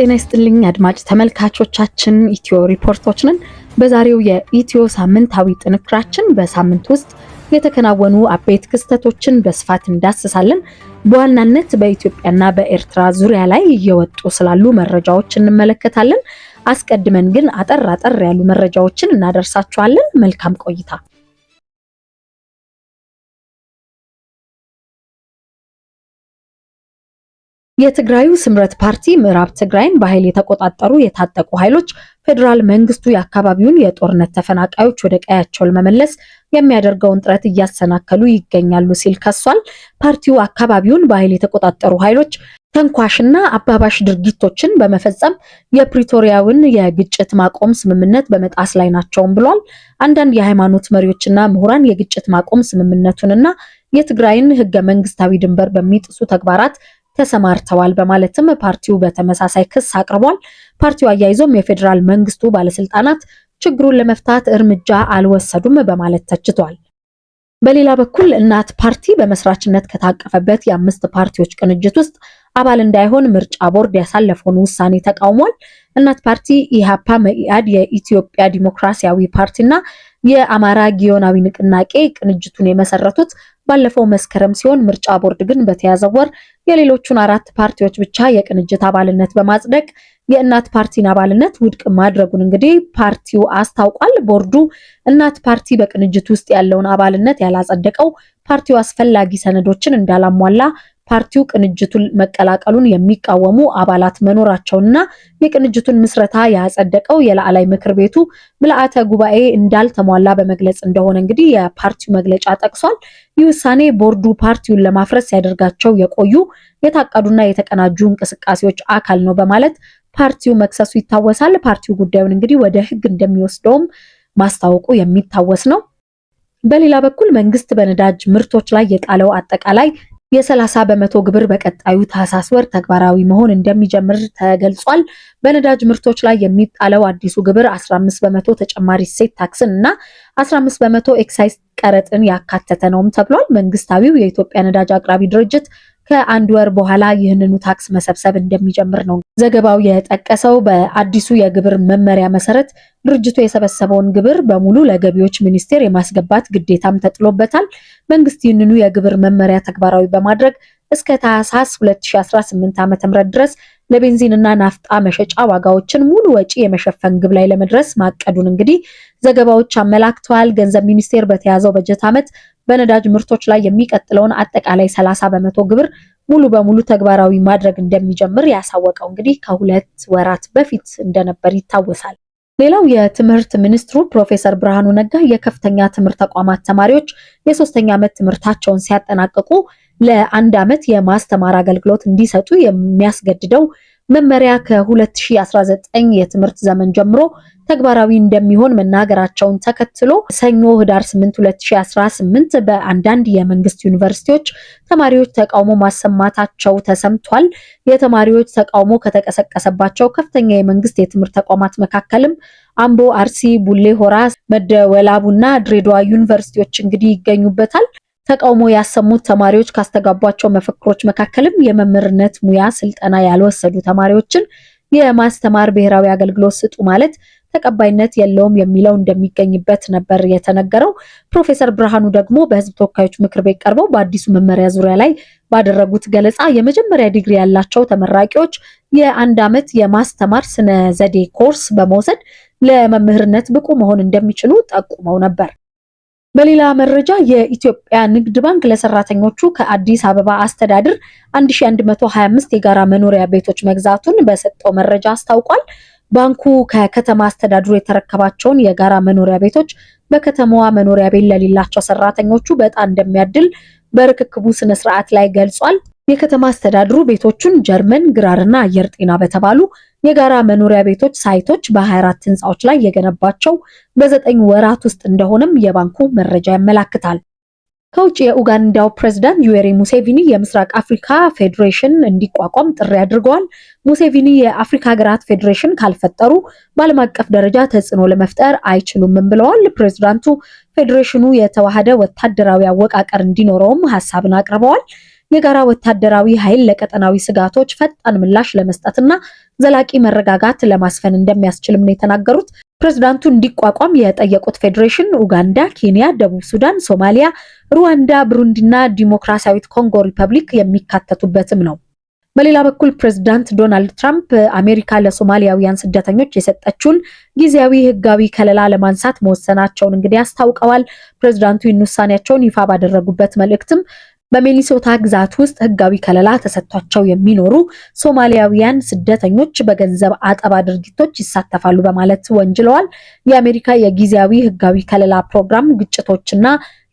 ጤና ይስጥልኝ አድማጭ ተመልካቾቻችን፣ ኢትዮ ሪፖርቶችንን በዛሬው የኢትዮ ሳምንታዊ ጥንክራችን በሳምንት ውስጥ የተከናወኑ አበይት ክስተቶችን በስፋት እንዳስሳለን። በዋናነት በኢትዮጵያና በኤርትራ ዙሪያ ላይ እየወጡ ስላሉ መረጃዎች እንመለከታለን። አስቀድመን ግን አጠር አጠር ያሉ መረጃዎችን እናደርሳችኋለን። መልካም ቆይታ። የትግራዩ ስምረት ፓርቲ ምዕራብ ትግራይን በኃይል የተቆጣጠሩ የታጠቁ ኃይሎች ፌዴራል መንግስቱ የአካባቢውን የጦርነት ተፈናቃዮች ወደ ቀያቸው ለመመለስ የሚያደርገውን ጥረት እያሰናከሉ ይገኛሉ ሲል ከሷል። ፓርቲው አካባቢውን በኃይል የተቆጣጠሩ ኃይሎች ተንኳሽና አባባሽ ድርጊቶችን በመፈጸም የፕሪቶሪያውን የግጭት ማቆም ስምምነት በመጣስ ላይ ናቸውም ብሏል። አንዳንድ የሃይማኖት መሪዎችና ምሁራን የግጭት ማቆም ስምምነቱንና የትግራይን ህገ መንግስታዊ ድንበር በሚጥሱ ተግባራት ተሰማርተዋል በማለትም ፓርቲው በተመሳሳይ ክስ አቅርቧል። ፓርቲው አያይዞም የፌዴራል መንግስቱ ባለስልጣናት ችግሩን ለመፍታት እርምጃ አልወሰዱም በማለት ተችቷል። በሌላ በኩል እናት ፓርቲ በመስራችነት ከታቀፈበት የአምስት ፓርቲዎች ቅንጅት ውስጥ አባል እንዳይሆን ምርጫ ቦርድ ያሳለፈውን ውሳኔ ተቃውሟል። እናት ፓርቲ፣ ኢሃፓ፣ መኢአድ፣ የኢትዮጵያ ዲሞክራሲያዊ ፓርቲና የአማራ ጊዮናዊ ንቅናቄ ቅንጅቱን የመሰረቱት ባለፈው መስከረም ሲሆን ምርጫ ቦርድ ግን በተያዘው ወር የሌሎቹን አራት ፓርቲዎች ብቻ የቅንጅት አባልነት በማጽደቅ የእናት ፓርቲን አባልነት ውድቅ ማድረጉን እንግዲህ ፓርቲው አስታውቋል። ቦርዱ እናት ፓርቲ በቅንጅት ውስጥ ያለውን አባልነት ያላጸደቀው ፓርቲው አስፈላጊ ሰነዶችን እንዳላሟላ ፓርቲው ቅንጅቱን መቀላቀሉን የሚቃወሙ አባላት መኖራቸውና የቅንጅቱን ምስረታ ያጸደቀው የላዕላይ ምክር ቤቱ ምልአተ ጉባኤ እንዳልተሟላ በመግለጽ እንደሆነ እንግዲህ የፓርቲው መግለጫ ጠቅሷል። ይህ ውሳኔ ቦርዱ ፓርቲውን ለማፍረስ ሲያደርጋቸው የቆዩ የታቀዱና የተቀናጁ እንቅስቃሴዎች አካል ነው በማለት ፓርቲው መክሰሱ ይታወሳል። ፓርቲው ጉዳዩን እንግዲህ ወደ ሕግ እንደሚወስደውም ማስታወቁ የሚታወስ ነው። በሌላ በኩል መንግስት በነዳጅ ምርቶች ላይ የጣለው አጠቃላይ የ30 በመቶ ግብር በቀጣዩ ታህሳስ ወር ተግባራዊ መሆን እንደሚጀምር ተገልጿል። በነዳጅ ምርቶች ላይ የሚጣለው አዲሱ ግብር 15 በመቶ ተጨማሪ እሴት ታክስን እና 15 በመቶ ኤክሳይዝ ቀረጥን ያካተተ ነውም ተብሏል። መንግስታዊው የኢትዮጵያ ነዳጅ አቅራቢ ድርጅት ከአንድ ወር በኋላ ይህንኑ ታክስ መሰብሰብ እንደሚጀምር ነው ዘገባው የጠቀሰው። በአዲሱ የግብር መመሪያ መሰረት ድርጅቱ የሰበሰበውን ግብር በሙሉ ለገቢዎች ሚኒስቴር የማስገባት ግዴታም ተጥሎበታል። መንግስት ይህንኑ የግብር መመሪያ ተግባራዊ በማድረግ እስከ ታህሳስ 2018 ዓ.ም ድረስ ለቤንዚንና ናፍጣ መሸጫ ዋጋዎችን ሙሉ ወጪ የመሸፈን ግብ ላይ ለመድረስ ማቀዱን እንግዲህ ዘገባዎች አመላክተዋል። ገንዘብ ሚኒስቴር በተያዘው በጀት ዓመት በነዳጅ ምርቶች ላይ የሚቀጥለውን አጠቃላይ 30 በመቶ ግብር ሙሉ በሙሉ ተግባራዊ ማድረግ እንደሚጀምር ያሳወቀው እንግዲህ ከሁለት ወራት በፊት እንደነበር ይታወሳል። ሌላው የትምህርት ሚኒስትሩ ፕሮፌሰር ብርሃኑ ነጋ የከፍተኛ ትምህርት ተቋማት ተማሪዎች የሶስተኛ ዓመት ትምህርታቸውን ሲያጠናቅቁ ለአንድ ዓመት የማስተማር አገልግሎት እንዲሰጡ የሚያስገድደው መመሪያ ከ2019 የትምህርት ዘመን ጀምሮ ተግባራዊ እንደሚሆን መናገራቸውን ተከትሎ ሰኞ ህዳር 8 2018 በአንዳንድ የመንግስት ዩኒቨርሲቲዎች ተማሪዎች ተቃውሞ ማሰማታቸው ተሰምቷል። የተማሪዎች ተቃውሞ ከተቀሰቀሰባቸው ከፍተኛ የመንግስት የትምህርት ተቋማት መካከልም አምቦ፣ አርሲ፣ ቡሌ ሆራ፣ መደወላቡና ድሬዳዋ ዩኒቨርሲቲዎች እንግዲህ ይገኙበታል። ተቃውሞ ያሰሙት ተማሪዎች ካስተጋቧቸው መፈክሮች መካከልም የመምህርነት ሙያ ስልጠና ያልወሰዱ ተማሪዎችን የማስተማር ብሔራዊ አገልግሎት ስጡ ማለት ተቀባይነት የለውም የሚለው እንደሚገኝበት ነበር የተነገረው። ፕሮፌሰር ብርሃኑ ደግሞ በህዝብ ተወካዮች ምክር ቤት ቀርበው በአዲሱ መመሪያ ዙሪያ ላይ ባደረጉት ገለጻ የመጀመሪያ ዲግሪ ያላቸው ተመራቂዎች የአንድ ዓመት የማስተማር ስነ ዘዴ ኮርስ በመውሰድ ለመምህርነት ብቁ መሆን እንደሚችሉ ጠቁመው ነበር። በሌላ መረጃ የኢትዮጵያ ንግድ ባንክ ለሰራተኞቹ ከአዲስ አበባ አስተዳደር 1125 የጋራ መኖሪያ ቤቶች መግዛቱን በሰጠው መረጃ አስታውቋል። ባንኩ ከከተማ አስተዳድሩ የተረከባቸውን የጋራ መኖሪያ ቤቶች በከተማዋ መኖሪያ ቤት ለሌላቸው ሰራተኞቹ በጣም እንደሚያድል በርክክቡ ስነስርዓት ላይ ገልጿል። የከተማ አስተዳድሩ ቤቶቹን ጀርመን ግራርና አየር ጤና በተባሉ የጋራ መኖሪያ ቤቶች ሳይቶች በ24 ህንፃዎች ላይ የገነባቸው በዘጠኝ ወራት ውስጥ እንደሆነም የባንኩ መረጃ ያመላክታል። ከውጭ የኡጋንዳው ፕሬዝዳንት ዩዌሪ ሙሴቪኒ የምስራቅ አፍሪካ ፌዴሬሽን እንዲቋቋም ጥሪ አድርገዋል። ሙሴቪኒ የአፍሪካ ሀገራት ፌዴሬሽን ካልፈጠሩ በዓለም አቀፍ ደረጃ ተጽዕኖ ለመፍጠር አይችሉምም ብለዋል። ፕሬዝዳንቱ ፌዴሬሽኑ የተዋሃደ ወታደራዊ አወቃቀር እንዲኖረውም ሀሳብን አቅርበዋል። የጋራ ወታደራዊ ኃይል ለቀጠናዊ ስጋቶች ፈጣን ምላሽ ለመስጠትና ዘላቂ መረጋጋት ለማስፈን እንደሚያስችልም ነው የተናገሩት። ፕሬዝዳንቱ እንዲቋቋም የጠየቁት ፌዴሬሽን ኡጋንዳ፣ ኬንያ፣ ደቡብ ሱዳን፣ ሶማሊያ፣ ሩዋንዳ፣ ብሩንዲና ዲሞክራሲያዊት ኮንጎ ሪፐብሊክ የሚካተቱበትም ነው። በሌላ በኩል ፕሬዝዳንት ዶናልድ ትራምፕ አሜሪካ ለሶማሊያውያን ስደተኞች የሰጠችውን ጊዜያዊ ሕጋዊ ከለላ ለማንሳት መወሰናቸውን እንግዲህ አስታውቀዋል። ፕሬዝዳንቱ ይህን ውሳኔያቸውን ይፋ ባደረጉበት መልእክትም በሚኒሶታ ግዛት ውስጥ ህጋዊ ከለላ ተሰጥቷቸው የሚኖሩ ሶማሊያውያን ስደተኞች በገንዘብ አጠባ ድርጊቶች ይሳተፋሉ በማለት ወንጅለዋል። የአሜሪካ የጊዜያዊ ህጋዊ ከለላ ፕሮግራም ግጭቶችና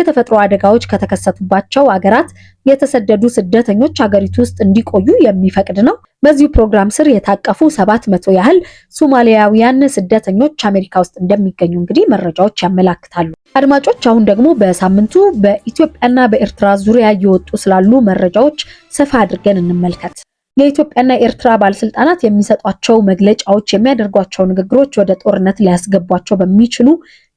የተፈጥሮ አደጋዎች ከተከሰቱባቸው አገራት የተሰደዱ ስደተኞች አገሪቱ ውስጥ እንዲቆዩ የሚፈቅድ ነው። በዚሁ ፕሮግራም ስር የታቀፉ ሰባት መቶ ያህል ሶማሊያውያን ስደተኞች አሜሪካ ውስጥ እንደሚገኙ እንግዲህ መረጃዎች ያመላክታሉ። አድማጮች አሁን ደግሞ በሳምንቱ በኢትዮጵያና በኤርትራ ዙሪያ እየወጡ ስላሉ መረጃዎች ሰፋ አድርገን እንመልከት። የኢትዮጵያና ኤርትራ ባለስልጣናት የሚሰጧቸው መግለጫዎች፣ የሚያደርጓቸው ንግግሮች ወደ ጦርነት ሊያስገቧቸው በሚችሉ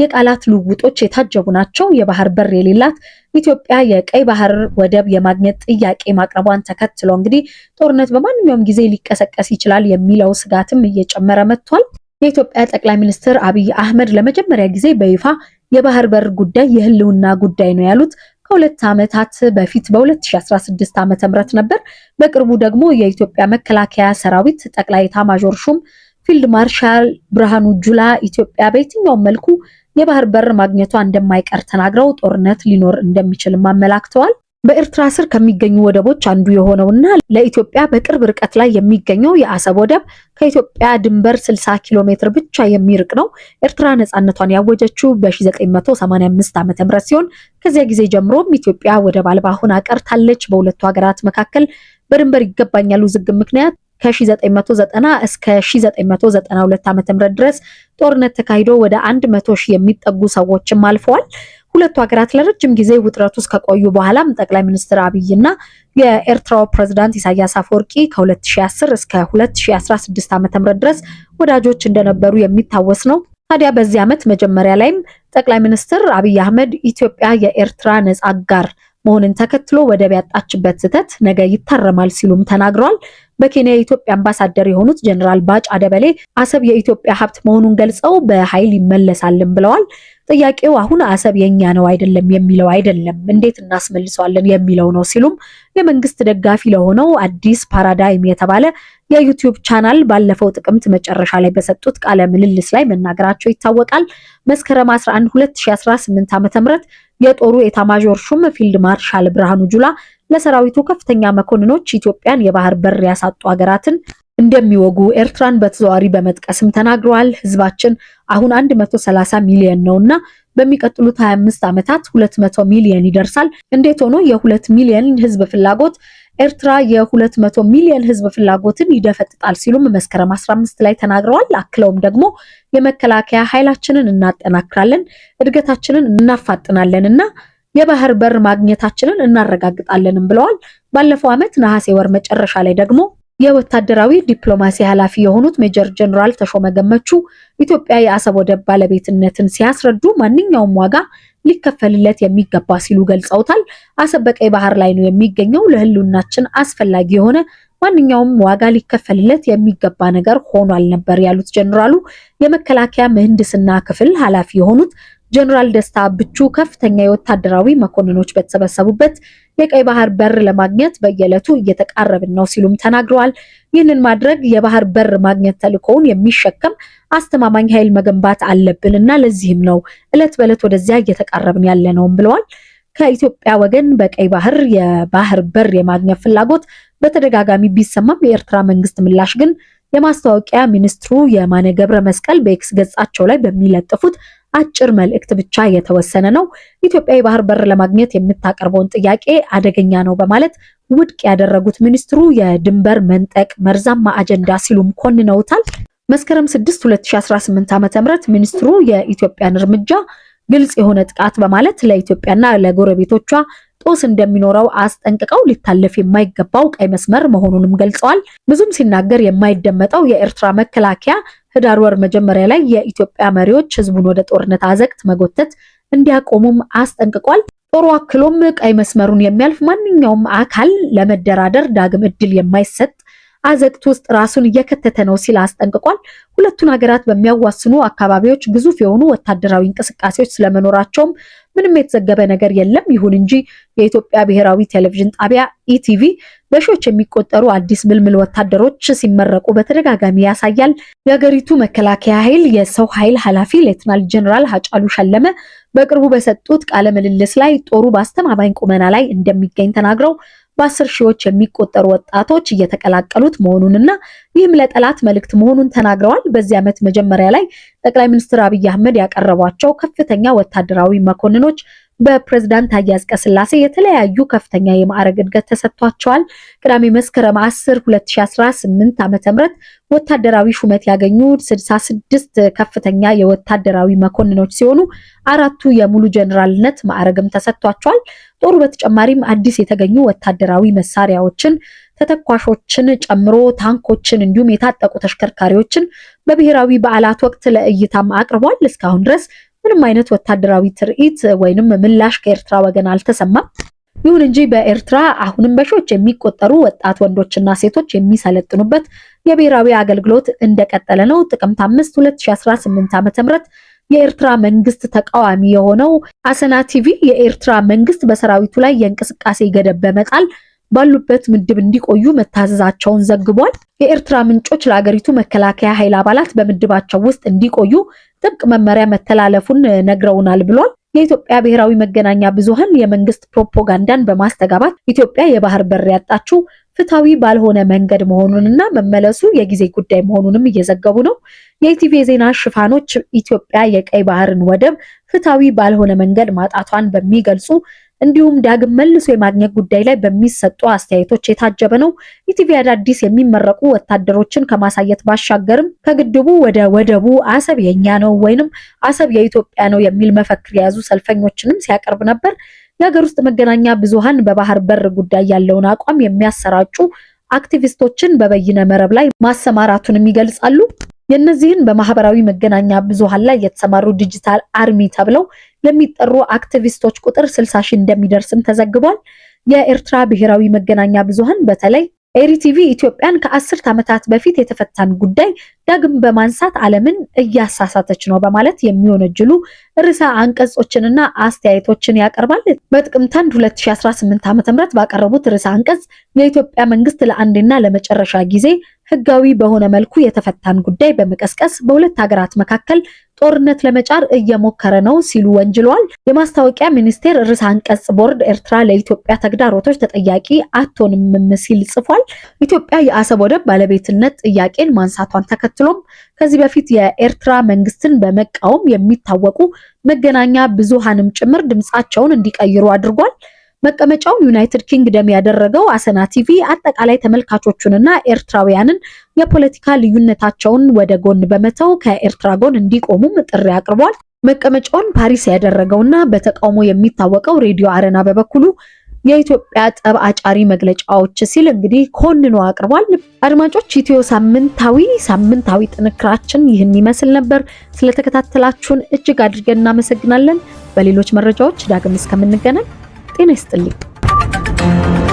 የቃላት ልውውጦች የታጀቡ ናቸው። የባህር በር የሌላት ኢትዮጵያ የቀይ ባህር ወደብ የማግኘት ጥያቄ ማቅረቧን ተከትሎ እንግዲህ ጦርነት በማንኛውም ጊዜ ሊቀሰቀስ ይችላል የሚለው ስጋትም እየጨመረ መጥቷል። የኢትዮጵያ ጠቅላይ ሚኒስትር አብይ አህመድ ለመጀመሪያ ጊዜ በይፋ የባህር በር ጉዳይ የህልውና ጉዳይ ነው ያሉት ከሁለት ዓመታት በፊት በ2016 ም ነበር። በቅርቡ ደግሞ የኢትዮጵያ መከላከያ ሰራዊት ጠቅላይ ኤታማዦር ሹም ፊልድ ማርሻል ብርሃኑ ጁላ ኢትዮጵያ በየትኛውም መልኩ የባህር በር ማግኘቷ እንደማይቀር ተናግረው ጦርነት ሊኖር እንደሚችልም አመላክተዋል። በኤርትራ ስር ከሚገኙ ወደቦች አንዱ የሆነውና ለኢትዮጵያ በቅርብ ርቀት ላይ የሚገኘው የአሰብ ወደብ ከኢትዮጵያ ድንበር 60 ኪሎ ሜትር ብቻ የሚርቅ ነው። ኤርትራ ነፃነቷን ያወጀችው በ1985 ዓ.ም ሲሆን ከዚያ ጊዜ ጀምሮም ኢትዮጵያ ወደብ አልባ ሆና ቀርታለች። በሁለቱ ሀገራት መካከል በድንበር ይገባኛል ውዝግብ ምክንያት ከ1990 እስከ 1992 ም ድረስ ጦርነት ተካሂዶ ወደ 100 ሺህ የሚጠጉ ሰዎችም አልፈዋል። ሁለቱ ሀገራት ለረጅም ጊዜ ውጥረት ውስጥ ከቆዩ በኋላም ጠቅላይ ሚኒስትር አብይ የኤርትራው ፕሬዝዳንት ኢሳያስ አፈወርቂ ከ2010 እስከ 2016 ዓ.ም ድረስ ወዳጆች እንደነበሩ የሚታወስ ነው። ታዲያ በዚህ ዓመት መጀመሪያ ላይም ጠቅላይ ሚኒስትር አብይ አህመድ ኢትዮጵያ የኤርትራ ነጻ አጋር መሆንን ተከትሎ ወደብ ያጣችበት ስህተት ነገ ይታረማል ሲሉም ተናግሯል። በኬንያ የኢትዮጵያ አምባሳደር የሆኑት ጀኔራል ባጫ ደበሌ አሰብ የኢትዮጵያ ሀብት መሆኑን ገልጸው በኃይል ይመለሳልን ብለዋል። ጥያቄው አሁን አሰብ የኛ ነው አይደለም የሚለው አይደለም፣ እንዴት እናስመልሰዋለን የሚለው ነው ሲሉም የመንግስት ደጋፊ ለሆነው አዲስ ፓራዳይም የተባለ የዩቲዩብ ቻናል ባለፈው ጥቅምት መጨረሻ ላይ በሰጡት ቃለ ምልልስ ላይ መናገራቸው ይታወቃል። መስከረም 11 2018 ዓ.ም የጦሩ ኤታማዦር ሹም ፊልድ ማርሻል ብርሃኑ ጁላ ለሰራዊቱ ከፍተኛ መኮንኖች ኢትዮጵያን የባህር በር ያሳጡ ሀገራትን እንደሚወጉ ኤርትራን በተዘዋዋሪ በመጥቀስም ተናግረዋል። ህዝባችን አሁን 130 ሚሊዮን ነውና በሚቀጥሉት 25 ዓመታት 200 ሚሊዮን ይደርሳል። እንዴት ሆኖ የ2 ሚሊዮን ህዝብ ፍላጎት ኤርትራ የ200 ሚሊዮን ህዝብ ፍላጎትን ይደፈጥጣል ሲሉም መስከረም 15 ላይ ተናግረዋል። አክለውም ደግሞ የመከላከያ ኃይላችንን እናጠናክራለን፣ እድገታችንን እናፋጥናለን እና የባህር በር ማግኘታችንን እናረጋግጣለንም ብለዋል። ባለፈው ዓመት ነሐሴ ወር መጨረሻ ላይ ደግሞ የወታደራዊ ዲፕሎማሲ ኃላፊ የሆኑት ሜጀር ጀነራል ተሾመ ገመቹ ኢትዮጵያ የአሰብ ወደብ ባለቤትነትን ሲያስረዱ ማንኛውም ዋጋ ሊከፈልለት የሚገባ ሲሉ ገልጸውታል። አሰብ በቀይ ባህር ላይ ነው የሚገኘው። ለህልውናችን አስፈላጊ የሆነ ማንኛውም ዋጋ ሊከፈልለት የሚገባ ነገር ሆኗል ነበር ያሉት ጀነራሉ የመከላከያ ምህንድስና ክፍል ኃላፊ የሆኑት ጀኔራል ደስታ ብቹ ከፍተኛ የወታደራዊ መኮንኖች በተሰበሰቡበት የቀይ ባህር በር ለማግኘት በየዕለቱ እየተቃረብን ነው ሲሉም ተናግረዋል። ይህንን ማድረግ የባህር በር ማግኘት ተልእኮውን የሚሸከም አስተማማኝ ኃይል መገንባት አለብን እና ለዚህም ነው ዕለት በዕለት ወደዚያ እየተቃረብን ያለ ነውም ብለዋል። ከኢትዮጵያ ወገን በቀይ ባህር የባህር በር የማግኘት ፍላጎት በተደጋጋሚ ቢሰማም የኤርትራ መንግስት ምላሽ ግን የማስታወቂያ ሚኒስትሩ የማነ ገብረ መስቀል በኤክስ ገጻቸው ላይ በሚለጥፉት አጭር መልእክት ብቻ የተወሰነ ነው። ኢትዮጵያ የባህር በር ለማግኘት የምታቀርበውን ጥያቄ አደገኛ ነው በማለት ውድቅ ያደረጉት ሚኒስትሩ የድንበር መንጠቅ መርዛማ አጀንዳ ሲሉም ኮንነውታል። መስከረም 6 2018 ዓ.ም ሚኒስትሩ የኢትዮጵያን እርምጃ ግልጽ የሆነ ጥቃት በማለት ለኢትዮጵያና ለጎረቤቶቿ ጦስ እንደሚኖረው አስጠንቅቀው ሊታለፍ የማይገባው ቀይ መስመር መሆኑንም ገልጸዋል። ብዙም ሲናገር የማይደመጠው የኤርትራ መከላከያ ህዳር ወር መጀመሪያ ላይ የኢትዮጵያ መሪዎች ህዝቡን ወደ ጦርነት አዘቅት መጎተት እንዲያቆሙም አስጠንቅቋል። ጦሩ አክሎም ቀይ መስመሩን የሚያልፍ ማንኛውም አካል ለመደራደር ዳግም እድል የማይሰጥ አዘቅት ውስጥ ራሱን እየከተተ ነው ሲል አስጠንቅቋል። ሁለቱን ሀገራት በሚያዋስኑ አካባቢዎች ግዙፍ የሆኑ ወታደራዊ እንቅስቃሴዎች ስለመኖራቸውም ምንም የተዘገበ ነገር የለም። ይሁን እንጂ የኢትዮጵያ ብሔራዊ ቴሌቪዥን ጣቢያ ኢቲቪ በሺዎች የሚቆጠሩ አዲስ ምልምል ወታደሮች ሲመረቁ በተደጋጋሚ ያሳያል። የሀገሪቱ መከላከያ ኃይል የሰው ኃይል ኃላፊ ሌትናል ጀኔራል ሀጫሉ ሸለመ በቅርቡ በሰጡት ቃለ ምልልስ ላይ ጦሩ በአስተማማኝ ቁመና ላይ እንደሚገኝ ተናግረው በአስር ሺዎች የሚቆጠሩ ወጣቶች እየተቀላቀሉት መሆኑንና ይህም ለጠላት መልእክት መሆኑን ተናግረዋል። በዚህ ዓመት መጀመሪያ ላይ ጠቅላይ ሚኒስትር አብይ አህመድ ያቀረቧቸው ከፍተኛ ወታደራዊ መኮንኖች በፕሬዝዳንት ታዬ አጽቀሥላሴ የተለያዩ ከፍተኛ የማዕረግ እድገት ተሰጥቷቸዋል። ቅዳሜ መስከረም 10 2018 ዓ.ም ወታደራዊ ሹመት ያገኙ 66 ከፍተኛ የወታደራዊ መኮንኖች ሲሆኑ አራቱ የሙሉ ጀኔራልነት ማዕረግም ተሰጥቷቸዋል። ጦሩ በተጨማሪም አዲስ የተገኙ ወታደራዊ መሳሪያዎችን ተተኳሾችን ጨምሮ ታንኮችን እንዲሁም የታጠቁ ተሽከርካሪዎችን በብሔራዊ በዓላት ወቅት ለእይታም አቅርቧል። እስካሁን ድረስ ምንም አይነት ወታደራዊ ትርኢት ወይንም ምላሽ ከኤርትራ ወገን አልተሰማም። ይሁን እንጂ በኤርትራ አሁንም በሺዎች የሚቆጠሩ ወጣት ወንዶችና ሴቶች የሚሰለጥኑበት የብሔራዊ አገልግሎት እንደቀጠለ ነው። ጥቅምት 5 2018 ዓ.ም የኤርትራ መንግስት ተቃዋሚ የሆነው አሰና ቲቪ የኤርትራ መንግስት በሰራዊቱ ላይ የእንቅስቃሴ ገደብ በመጣል ባሉበት ምድብ እንዲቆዩ መታዘዛቸውን ዘግቧል። የኤርትራ ምንጮች ለአገሪቱ መከላከያ ኃይል አባላት በምድባቸው ውስጥ እንዲቆዩ ጥብቅ መመሪያ መተላለፉን ነግረውናል ብሏል። የኢትዮጵያ ብሔራዊ መገናኛ ብዙሃን የመንግስት ፕሮፓጋንዳን በማስተጋባት ኢትዮጵያ የባህር በር ያጣችው ፍትሐዊ ባልሆነ መንገድ መሆኑንና መመለሱ የጊዜ ጉዳይ መሆኑንም እየዘገቡ ነው። የኢቲቪ የዜና ሽፋኖች ኢትዮጵያ የቀይ ባህርን ወደብ ፍትሐዊ ባልሆነ መንገድ ማጣቷን በሚገልጹ እንዲሁም ዳግም መልሶ የማግኘት ጉዳይ ላይ በሚሰጡ አስተያየቶች የታጀበ ነው። ኢቲቪ አዳዲስ የሚመረቁ ወታደሮችን ከማሳየት ባሻገርም ከግድቡ ወደ ወደቡ አሰብ የኛ ነው ወይንም አሰብ የኢትዮጵያ ነው የሚል መፈክር የያዙ ሰልፈኞችንም ሲያቀርብ ነበር። የሀገር ውስጥ መገናኛ ብዙሃን በባህር በር ጉዳይ ያለውን አቋም የሚያሰራጩ አክቲቪስቶችን በበይነ መረብ ላይ ማሰማራቱንም ይገልጻሉ። የእነዚህን በማህበራዊ መገናኛ ብዙሃን ላይ የተሰማሩ ዲጂታል አርሚ ተብለው ለሚጠሩ አክቲቪስቶች ቁጥር 60 ሺህ እንደሚደርስም ተዘግቧል። የኤርትራ ብሔራዊ መገናኛ ብዙሃን በተለይ ኤሪቲቪ ኢትዮጵያን ከአስርት ዓመታት በፊት የተፈታን ጉዳይ ዳግም በማንሳት ዓለምን እያሳሳተች ነው በማለት የሚወነጅሉ ርዕሰ አንቀጾችንና አስተያየቶችን ያቀርባል። በጥቅምት 2018 ዓ.ም ባቀረቡት ርዕሰ አንቀጽ የኢትዮጵያ መንግስት ለአንድና ለመጨረሻ ጊዜ ህጋዊ በሆነ መልኩ የተፈታን ጉዳይ በመቀስቀስ በሁለት ሀገራት መካከል ጦርነት ለመጫር እየሞከረ ነው ሲሉ ወንጅለዋል። የማስታወቂያ ሚኒስቴር ርዕሰ አንቀጽ ቦርድ ኤርትራ ለኢትዮጵያ ተግዳሮቶች ተጠያቂ አትሆንም ሲል ጽፏል። ኢትዮጵያ የአሰብ ወደብ ባለቤትነት ጥያቄን ማንሳቷን ተከትሎም ከዚህ በፊት የኤርትራ መንግስትን በመቃወም የሚታወቁ መገናኛ ብዙሃንም ጭምር ድምፃቸውን እንዲቀይሩ አድርጓል። መቀመጫውን ዩናይትድ ኪንግደም ያደረገው አሰና ቲቪ አጠቃላይ ተመልካቾቹንና ኤርትራውያንን የፖለቲካ ልዩነታቸውን ወደ ጎን በመተው ከኤርትራ ጎን እንዲቆሙም ጥሪ አቅርቧል። መቀመጫውን ፓሪስ ያደረገውና በተቃውሞ የሚታወቀው ሬዲዮ አረና በበኩሉ የኢትዮጵያ ጠብ አጫሪ መግለጫዎች ሲል እንግዲህ ኮንኖ አቅርቧል። አድማጮች ኢትዮ ሳምንታዊ ሳምንታዊ ጥንክራችን ይህን ይመስል ነበር። ስለተከታተላችሁን እጅግ አድርገን እናመሰግናለን። በሌሎች መረጃዎች ዳግም እስከምንገናኝ en este